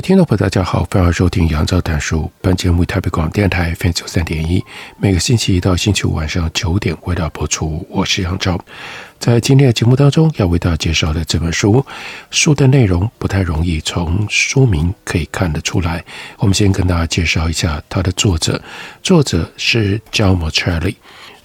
聽眾朋友，大家好，歡迎收聽楊照談書。本節目台北廣電台 FM 九三點一，每個星期一到星期五晚上九點為大家播出。我是楊照。在今天的節目當中，要為大家介紹的這本書，書的內容不太容易從書名可以看得出來。我們先跟大家介紹一下它的作者，作者是 John Mauceri。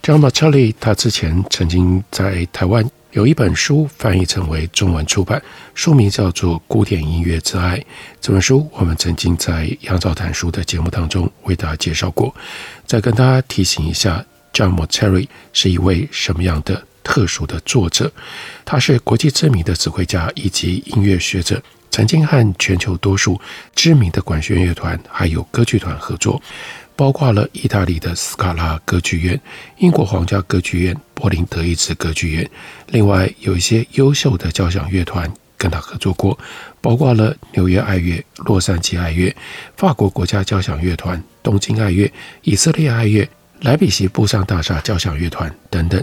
John Mauceri 他之前曾經在台灣。有一本書翻譯成為中文出版，書名叫做《古典音樂之愛》。這本書我們曾經在《楊照談書》的節目當中為大家介紹過。再跟大家提醒一下，約翰·莫切里是一位什麼樣的特殊的作者？他是國際知名的指揮家以及音樂學者，曾經和全球多數知名的管弦樂團還有歌劇團合作。包括了意大利的斯卡拉歌劇院、英國皇家歌劇院、柏林德意志歌劇院，另外有一些優秀的交響樂團跟他合作過，包括了紐約愛樂、洛杉磯愛樂、法國國家交響樂團、東京愛樂、以色列愛樂、萊比錫布商大廈交響樂團等等。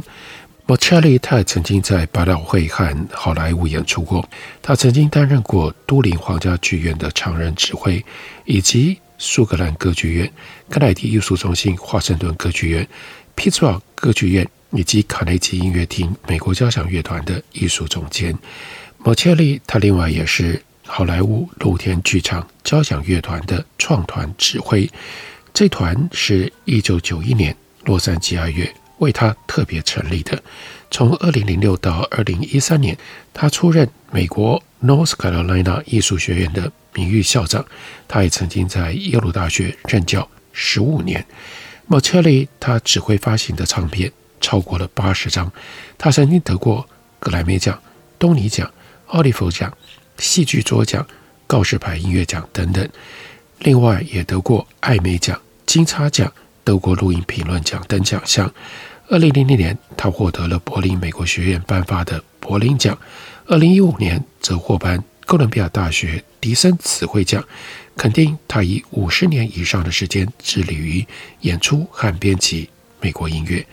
莫切里他曾經在百老匯和好萊塢演出過，他曾經擔任過都靈皇家劇院的常任指揮，以及蘇格蘭歌劇院、甘迺迪藝術中心、華盛頓歌劇院、匹茲堡歌劇院以及卡內基音樂廳美國交響樂團的藝術總監，莫切里。他另外也是好萊塢露天劇場交響樂團的創團指揮這團是一九九一年洛杉磯愛樂為他特別成立的。從二零零六到二零一三年，他出任美國。North Carolina 藝術學院的名譽校長，他也曾經在耶魯大學任教十五年。莫切里他指揮發行的唱片超過了八十張。他曾經得過格萊美獎、東尼獎、奧利佛獎、戲劇桌獎、獎、告示牌音樂獎等等。另外，也得過艾美獎、金叉獎、德國錄音評論獎等獎項。二零零零年，他獲得了柏林美國學院頒發的柏林獎。二零一五年。則獲頒哥倫比亞大學迪森詞彙獎，肯定他以五十年以上的時間致力於演出和編輯美國音樂，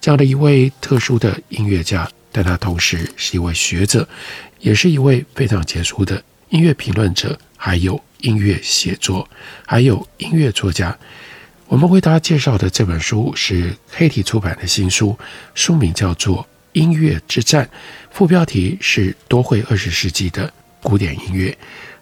這樣的一位特殊的音樂家。但他同時是一位學者，也是一位非常傑出的音樂評論者，還有音樂寫作，還有音樂作家。我們為大家介紹的這本書是黑體出版的新書，書名叫做，音樂之戰，副標題是奪回二十世紀的古典音樂。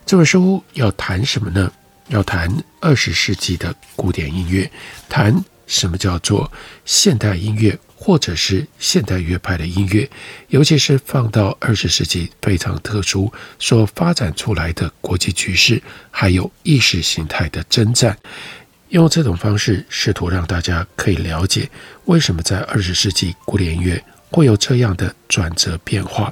這本書要談什麼呢？要談二十世紀的古典音樂，談什麼叫做現代音樂，或者是現代樂派的音樂，尤其是放到二十世紀非常特殊所發展出來的國際局勢，還有意識形態的征戰，用這種方式試圖讓大家可以了解為什麼在二十世紀古典音樂。會有這樣的轉折變化。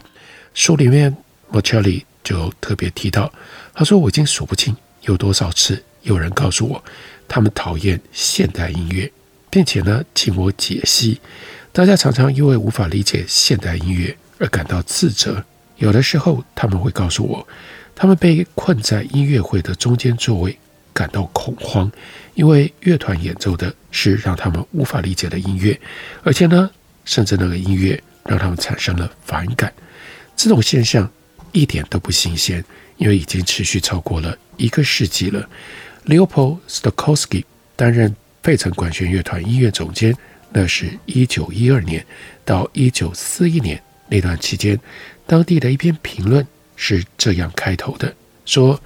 書裡面，莫切里就特別提到，他說：“我已經數不清有多少次有人告訴我，他們討厭現代音樂，並且呢，請我解析。大家常常因為無法理解現代音樂而感到自責。有的時候，他們會告訴我，他們被困在音樂會的中間座位，感到恐慌，因為樂團演奏的是讓他們無法理解的音樂，而且呢。”甚至那個音樂讓他們產生了反感，這種現象一點都不新鮮，因為已經持續超過了一個世紀了。Leopold Stokowski 擔任費城管弦樂團音樂總監，那是一九一二年到一九四一年那段期間。當地的一篇評論是這樣開頭的：“說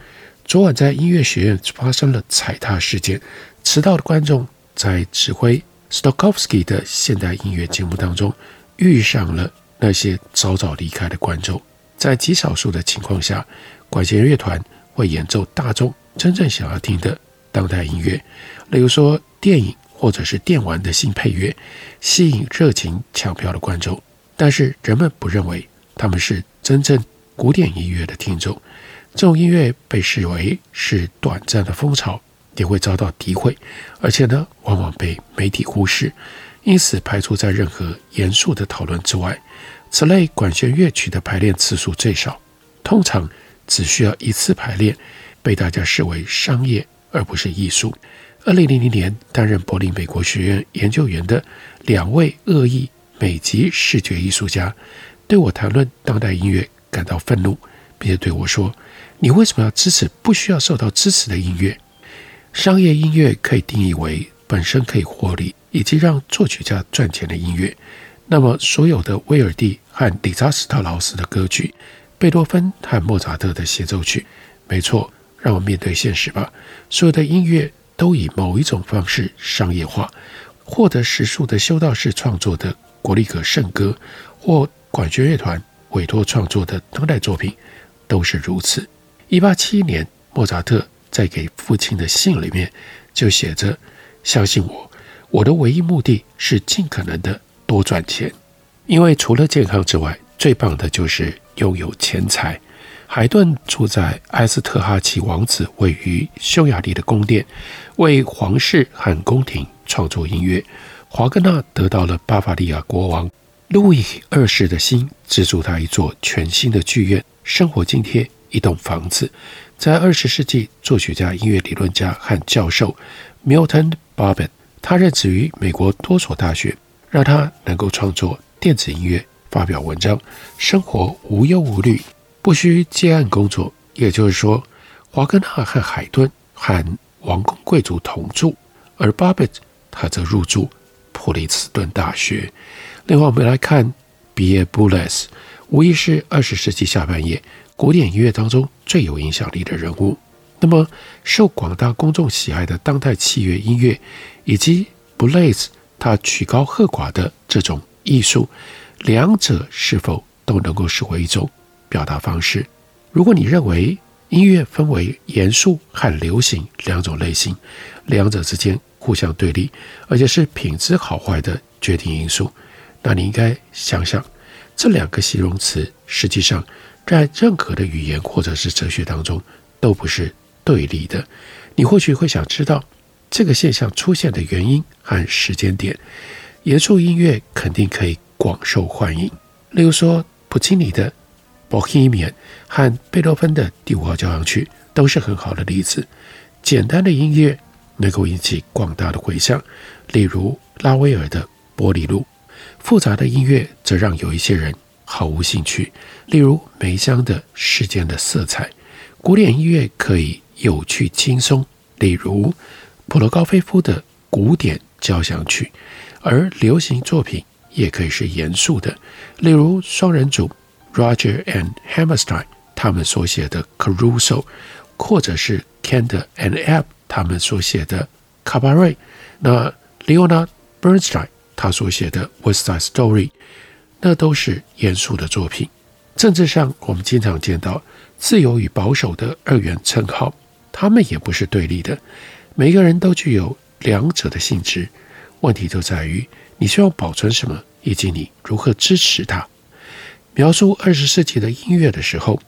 昨晚在音樂學院發生了踩踏事件，遲到的觀眾在指揮。” Stokowski 的現代音樂節目當中，遇上了那些早早離開的觀眾。在極少數的情況下，管弦樂團會演奏大眾真正想要聽的當代音樂，例如說電影或者是電玩的新配樂，吸引熱情搶票的觀眾。但是人們不認為他們是真正古典音樂的聽眾，這種音樂被視為是短暫的風潮。也會遭到詆毀，而且呢，往往被媒體忽視，因此排除在任何嚴肅的討論之外。此類管弦樂曲的排練次數最少，通常只需要一次排練，被大家視為商業而不是藝術。二零零零年，擔任柏林美國學院研究員的兩位惡意美籍視覺藝術家，對我談論當代音樂感到憤怒，並且對我說：“你為什麼要支持不需要受到支持的音樂？”商業音樂可以定義為本身可以獲利以及讓作曲家賺錢的音樂。那麼，所有的威爾第和理查斯特勞斯的歌曲，貝多芬和莫扎特的協奏曲，沒錯，讓我們面對現實吧，所有的音樂都以某一種方式商業化。獲得時數的修道士創作的葛利果聖歌，或管弦樂團委托創作的當代作品，都是如此。一八七一年，莫扎特。在給父親的信裡面，就寫着：“相信我，我的唯一目的是盡可能的多賺錢，因為除了健康之外，最棒的就是擁有錢財。”海頓住在埃斯特哈奇王子位於匈牙利的宮殿，為皇室和宮廷創作音樂。華格納得到了巴伐利亞國王路易二世的心，資助他一座全新的劇院，生活津貼，一棟房子。在二十世紀，作曲家、音樂理論家和教授 Milton Babbitt，他任職於美國多所大學，讓他能夠創作電子音樂、發表文章，生活無憂無慮，不需接案工作。也就是說，華格納和海頓和王公貴族同住，而 Babbitt 他則入住普林斯頓大學。另外，我們來看畢業 b i Boulez，無疑是二十世紀下半葉，古典音樂當中最有影響力的人物，那麼受廣大公眾喜愛的當代器樂音樂，以及 Boulez 他曲高和寡的這種藝術，兩者是否都能夠視為一種表達方式？如果你認為音樂分為嚴肅和流行兩種類型，兩者之間互相對立，而且是品質好壞的決定因素，那你應該想想這兩個形容詞實際上。在任何的語言或者是哲學當中，都不是對立的。你或許會想知道這個現象出現的原因和時間點。嚴肅音樂肯定可以廣受歡迎，例如說普契尼的《Bohemian》和貝多芬的第五號交響曲都是很好的例子。簡單的音樂能夠引起廣大的回響，例如拉威爾的《波麗露》，複雜的音樂則讓有一些人，毫無興趣例如梅香的世間的色彩古典音樂可以有趣輕鬆例如普羅高菲夫的古典交響曲而流行作品也可以是嚴肅的例如雙人組 Rodgers and Hammerstein 他們所寫的 Carousel 或者是 Kander and Ebb 他們所寫的 Cabaret 那 Leonard Bernstein 他所寫的 West Side Story 那都是嚴肅的作品。政治上，我們經常見到自由與保守的二元稱號，他們也不是對立的。每個人都具有兩者的性質。問題就在於你希望保存什麼，以及你如何支持它。描述二十世紀的音樂的時候，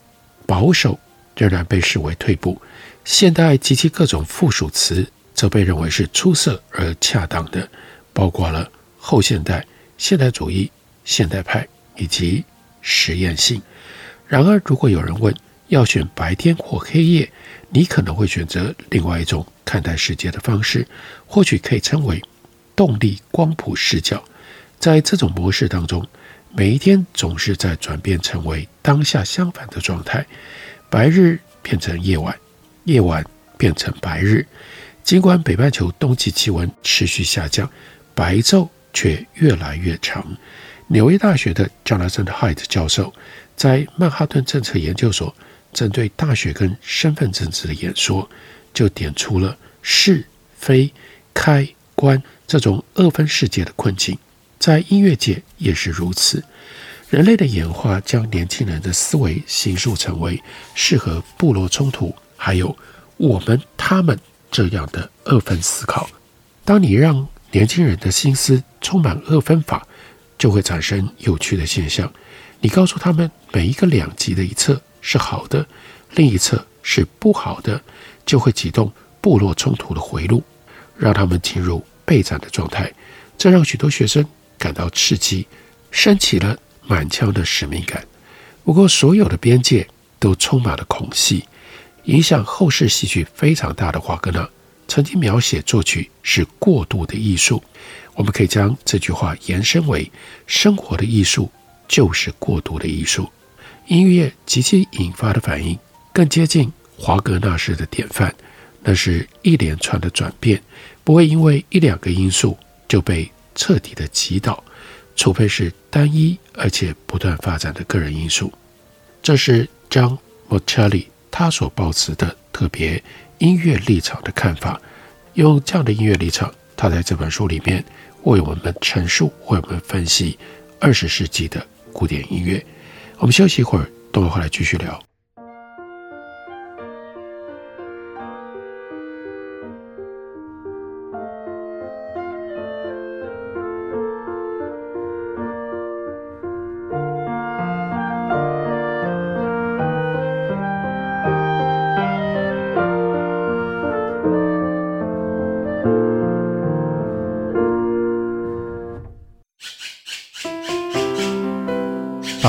保守仍然被視為退步；現代及其各種附屬詞則被認為是出色而恰當的，包括了後現代、現代主義。現代派以及實驗性。然而，如果有人問要選白天或黑夜，你可能會選擇另外一種看待世界的方式，或許可以稱為動力光譜視角。在這種模式當中，每一天總是在轉變成為當下相反的狀態：白日變成夜晚，夜晚變成白日。儘管北半球冬季氣溫持續下降，白晝卻越來越長。紐約大學的 Jonathan Haidt 教授，在曼哈頓政策研究所針對大學跟身份政治的演說，就點出了是非、開關這種二分世界的困境。在音樂界也是如此。人類的演化將年輕人的思維形塑成為適合部落衝突，還有我們、他們這樣的二分思考。當你讓年輕人的心思充滿二分法，就會產生有趣的現象。你告訴他們，每一個兩極的一側是好的，另一側是不好的，就會啟動部落衝突的回路，讓他們進入備戰的狀態。這讓許多學生感到刺激，升起了滿腔的使命感。不過，所有的邊界都充滿了空隙，影響後世戲劇非常大的華格納曾經描寫作曲是過渡的藝術。我們可以將這句話延伸為：生活的藝術就是過渡的藝術。音樂及其引發的反應更接近華格納式的典範，那是一連串的轉變，不會因為一兩個因素就被徹底的擊倒，除非是單一而且不斷發展的個人因素。這是約翰．莫切里他所抱持的特別音樂立場的看法。用這樣的音樂立場，他在這本書裡面。為我們陳述，為我們分析二十世紀的古典音樂。我們休息一會兒，等會兒回來繼續聊。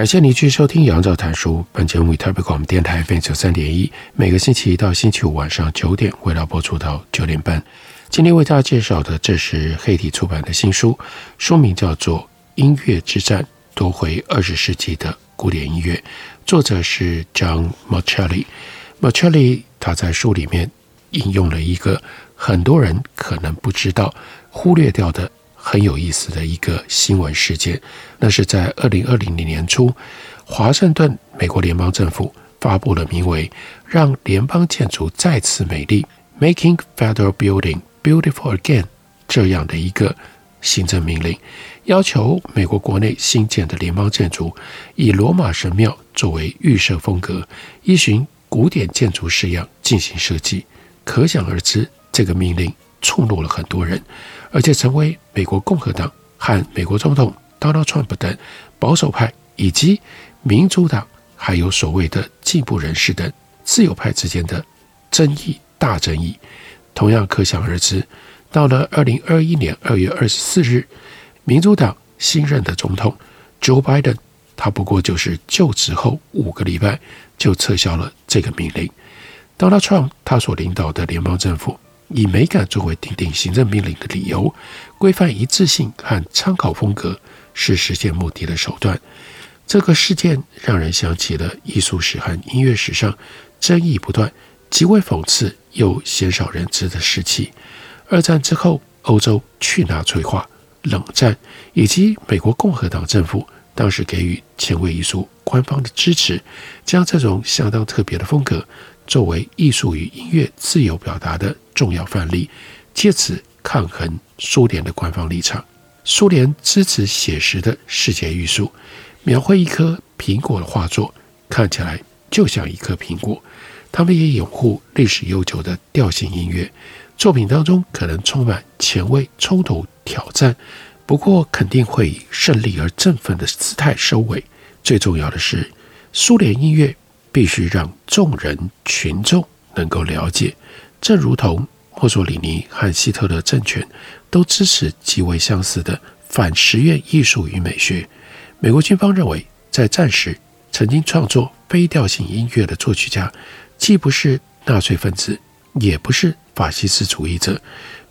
感謝您繼續收聽《楊照談書》。本節目以臺北廣播電臺 FM 九三點一，每個星期一到星期五晚上九點，為大家播出到九點半。今天為大家介紹的，這是黑體出版的新書，書名叫做《音樂之戰：奪回二十世紀的古典音樂》，作者是 John Machelli。Machelli 他在書裡面引用了一個很多人可能不知道、忽略掉的。很有意思的一個新聞事件，那是在二零二零年初，華盛頓美國聯邦政府發布了名為“讓聯邦建築再次美麗 ”（Making Federal Building Beautiful Again） 這樣的一個行政命令，要求美國國內新建的聯邦建築以羅馬神廟作為預設風格，依循古典建築式樣進行設計。可想而知，這個命令觸怒了很多人，而且成為美國共和黨和美國總統 Donald Trump 等保守派以及民主黨還有所謂的進步人士等自由派之間的爭議大爭議。同樣可想而知，到了二零二一年二月二十四日，民主黨新任的總統 Joe Biden，他不過就是就職後五個禮拜就撤銷了這個命令。Donald Trump 他所領導的聯邦政府。以美感作為訂定、定行政命令的理由，規範一致性和參考風格是實現目的的手段。這個事件讓人想起了藝術史和音樂史上爭議不斷、極為諷刺又鮮少人知的時期。二戰之後，歐洲去納粹化、冷戰，以及美國共和黨政府當時給予前衛藝術官方的支持，將這種相當特別的風格。作為藝術與音樂自由表達的重要範例，借此抗衡蘇聯的官方立場。蘇聯支持寫實的世界藝術，描繪一顆蘋果的畫作看起來就像一顆蘋果。他們也擁護歷史悠久的調性音樂，作品當中可能充滿前衛、衝突、挑戰，不過肯定會以勝利而振奮的姿態收尾。最重要的是，蘇聯音樂。必須讓眾人群眾能夠了解，正如同墨索里尼和希特勒政權都支持極為相似的反實驗藝術與美學。美國軍方認為，在戰時曾經創作非調性音樂的作曲家，既不是納粹分子，也不是法西斯主義者，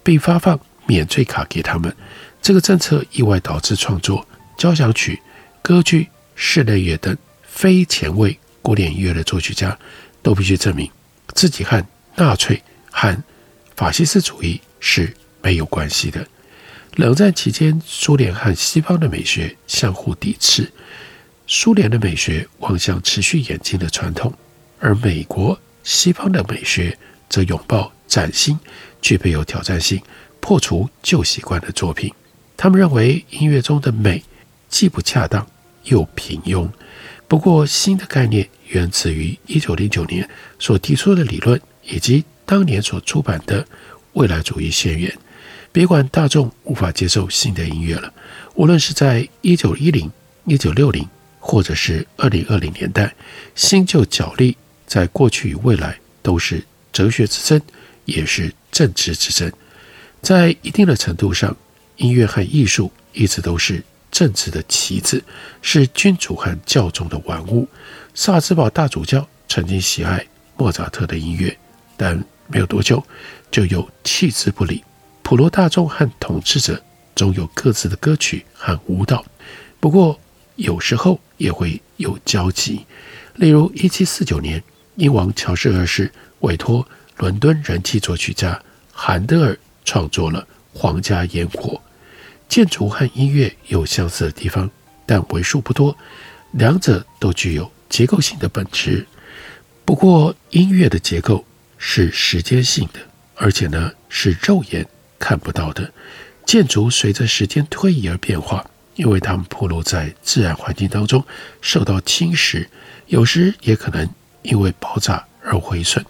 並發放免罪卡給他們。這個政策意外導致創作交響曲、歌劇、室內樂等非前衛。古典音樂的作曲家都必須證明自己和納粹和法西斯主義是沒有關係的。冷戰期間，蘇聯和西方的美學相互抵制，蘇聯的美學望向持續演進的傳統，而美國西方的美學則擁抱嶄新、具備有挑戰性、破除舊習慣的作品。他們認為音樂中的美既不恰當又平庸。不過，新的概念源自於一九零九年所提出的理論，以及當年所出版的未來主義宣言。別管大眾無法接受新的音樂了，無論是在一九一零、一九六零，或者是二零二零年代，新舊角力在過去與未來都是哲學之爭，也是政治之爭。在一定的程度上，音樂和藝術一直都是。政治的棋子是君主和教宗的玩物。薩斯堡大主教曾經喜愛莫扎特的音樂，但沒有多久就又棄之不理。普羅大眾和統治者總有各自的歌曲和舞蹈，不過有時候也會有交集。例如，1749年，英王喬治二世委托倫敦人氣作曲家韓德爾創作了《皇家煙火》。建築和音樂有相似的地方，但為數不多。兩者都具有結構性的本質。不過，音樂的結構是時間性的，而且呢是肉眼看不到的。建築隨着時間推移而變化，因為它們暴露在自然環境當中，受到侵蝕，有時也可能因為爆炸而毀損。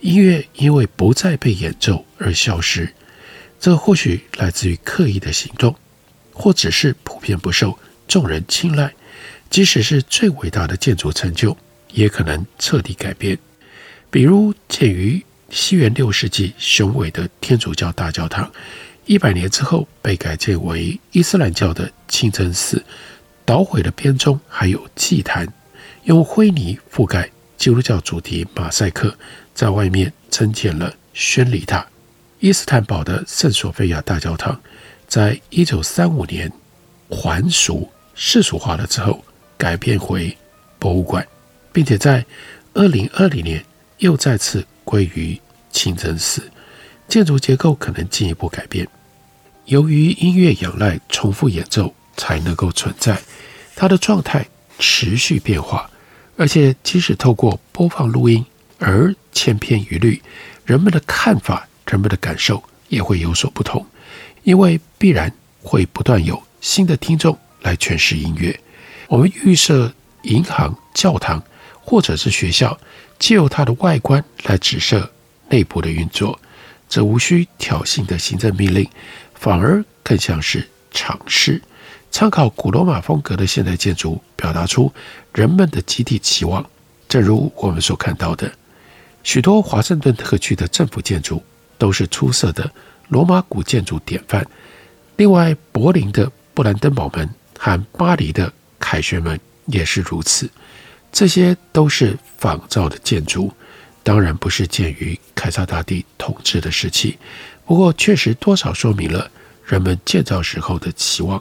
音樂因為不再被演奏而消失。這或許來自於刻意的行動，或只是普遍不受眾人青睞。即使是最偉大的建築成就，也可能徹底改變。比如建於西元六世紀雄偉的天主教大教堂，一百年之後被改建為伊斯蘭教的清真寺，搗毀了編鐘，還有祭壇，用灰泥覆蓋基督教主題馬賽克，在外面增建了宣禮塔。伊斯坦堡的聖索菲亞大教堂，在一九三五年還俗世俗化了之後，改變回博物館，並且在二零二零年又再次歸於清真寺。建築結構可能進一步改變。由於音樂仰賴重複演奏才能夠存在，它的狀態持續變化，而且即使透過播放錄音而千篇一律，人們的看法。人們的感受也會有所不同，因為必然會不斷有新的聽眾來詮釋音樂。我們預設銀行、教堂或者是學校，借由它的外觀來指涉內部的運作，這無需挑釁的行政命令，反而更像是嘗試參考古羅馬風格的現代建築，表達出人們的集體期望。正如我們所看到的，許多華盛頓特區的政府建築。都是出色的羅馬古建築典範。另外，柏林的布蘭登堡門和巴黎的凱旋門也是如此。這些都是仿造的建築，當然不是建於凱撒大帝統治的時期。不過，確實多少說明了人們建造時候的期望。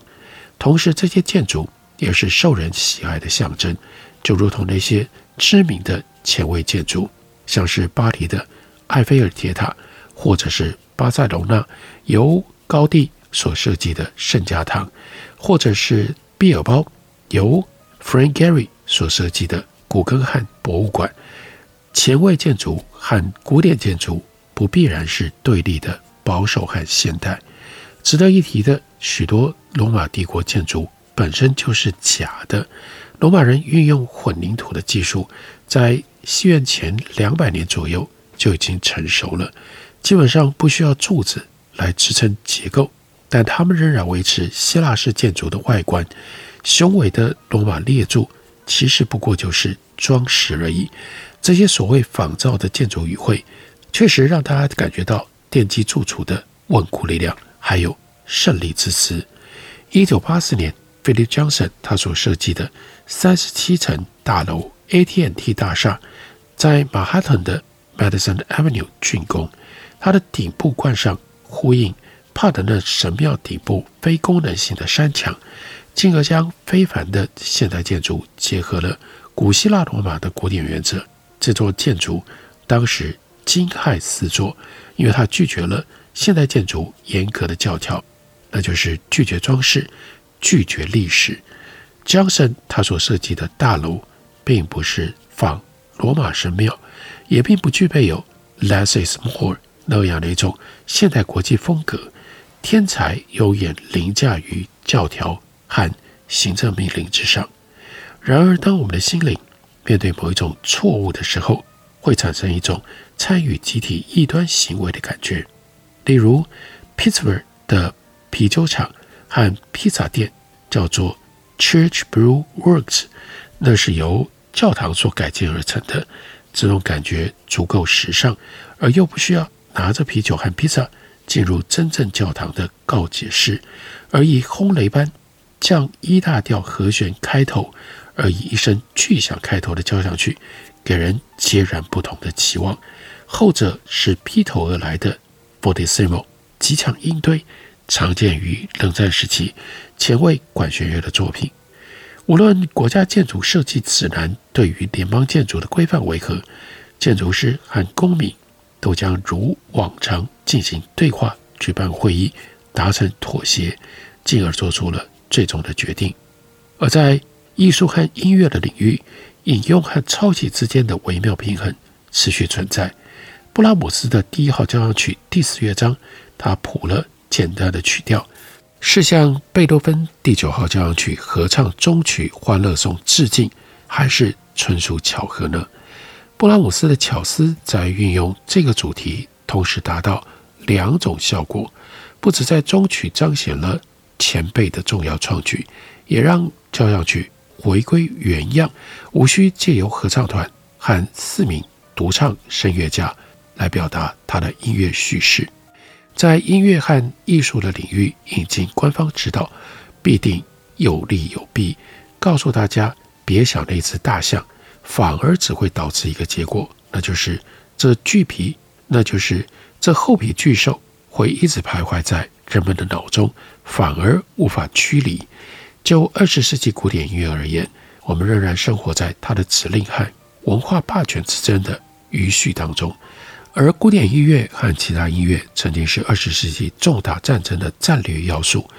同時，這些建築也是受人喜愛的象徵，就如同那些知名的前衛建築，像是巴黎的埃菲爾鐵塔。或者是巴塞羅那由高地所設計的聖家堂，或者是畢爾包由 Frank Gehry 所設計的古根漢博物館。前衛建築和古典建築不必然是對立的，保守和現代。值得一提的，許多羅馬帝國建築本身就是假的。羅馬人運用混凝土的技術，在西元前兩百年左右就已經成熟了。基本上不需要柱子來支撐結構，但他們仍然維持希臘式建築的外觀。雄偉的羅馬立柱其實不過就是裝飾而已。這些所謂仿造的建築語彙，確實讓他感覺到奠基柱礎的穩固力量，還有勝利之詞。一九八四年，菲利普強森他所設計的三十七層大樓 AT&T 大廈，在曼哈頓的 Madison Avenue 竣工。它的頂部冠上呼應帕德嫩神廟頂部非功能性的山牆，進而將非凡的現代建築結合了古希臘羅馬的古典原則。這座建築當時驚駭四座，因為他拒絕了現代建築嚴格的教條，那就是拒絕裝飾，拒絕歷史。Johnson 他所設計的大樓，並不是仿羅馬神廟，也並不具備有 less is more 那樣的一種現代國際風格，天才優雅凌駕於教條和行政命令之上。然而，當我們的心靈面對某一種錯誤的時候，會產生一種參與集體異端行為的感覺。例如，Pittsburgh 的啤酒廠和披薩店叫做 Church Brew Works，那是由教堂所改建而成的。這種感覺足夠時尚，而又不需要。拿着啤酒和披薩進入真正教堂的告解室，而以轟雷般降一大調和弦開頭，而以一聲巨響開頭的交響曲，給人截然不同的期望。後者是劈頭而來的 fortissimo 極強音堆，常見於冷戰時期前衛管弦樂的作品。無論國家建築設計指南對於聯邦建築的規範為何，建築師和公民。都將如往常進行對話、舉辦會議、達成妥協，進而做出了最終的決定。而在藝術和音樂的領域，引用和抄襲之間的微妙平衡持續存在。布拉姆斯的第一號交響曲第四樂章，他譜了簡單的曲調，是向貝多芬第九號交響曲合唱終曲《歡樂頌》致敬，還是純屬巧合呢？布拉姆斯的巧思在運用這個主題，同時達到兩種效果：不只在終曲彰顯了前輩的重要創舉，也讓交響曲回歸原樣，無需借由合唱團和四名獨唱聲樂家來表達他的音樂敘事。在音樂和藝術的領域引進官方指導，必定有利有弊。告訴大家，別想那只大象。反而只會導致一個結果，那就是這巨皮，那就是這厚皮巨獸會一直徘徊在人們的腦中，反而無法驅離。就二十世紀古典音樂而言，我們仍然生活在它的指令和文化霸權之爭的餘緒當中。而古典音樂和其他音樂曾經是二十世紀重大戰爭的戰略要素，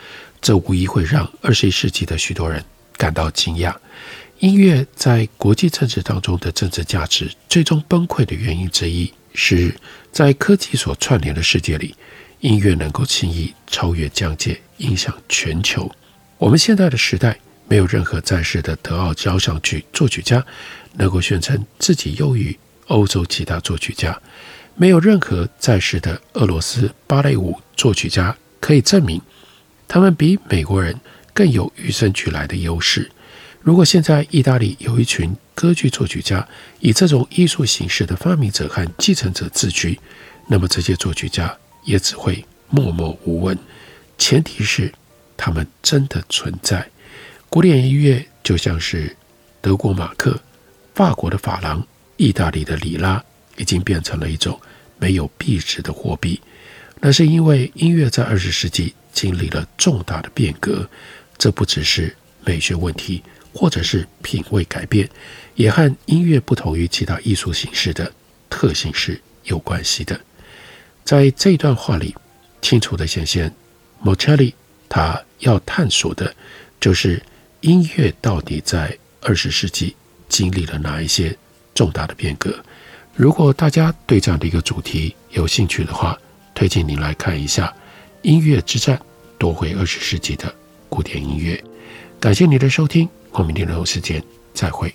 這無疑會讓二十一世紀的許多人感到驚訝。音樂在國際政治當中的政治價值最終崩潰的原因之一，是在科技所串聯的世界裡，音樂能夠輕易超越疆界，影響全球。我們現在的時代，沒有任何在世的德奧交響曲作曲家能夠宣稱自己優於歐洲其他作曲家，沒有任何在世的俄羅斯芭蕾舞作曲家可以證明他們比美國人更有與生俱來的優勢。如果現在意大利有一群歌劇作曲家以這種藝術形式的發明者和繼承者自居，那麼這些作曲家也只會默默無聞。前提是他們真的存在。古典音樂就像是德國馬克、法國的法郎、意大利的里拉，已經變成了一種沒有幣值的貨幣。那是因為音樂在二十世紀經歷了重大的變革，這不只是美學問題。或者是品味改變，也和音樂不同於其他藝術形式的特性是有關係的。在這段話裡，清楚的顯現，莫切里他要探索的，就是音樂到底在二十世紀經歷了哪一些重大的變革。如果大家對這樣的一個主題有興趣的話，推薦你來看一下《音樂之戰：奪回二十世紀的古典音樂》。感謝你的收聽。我們明天同一時間再會。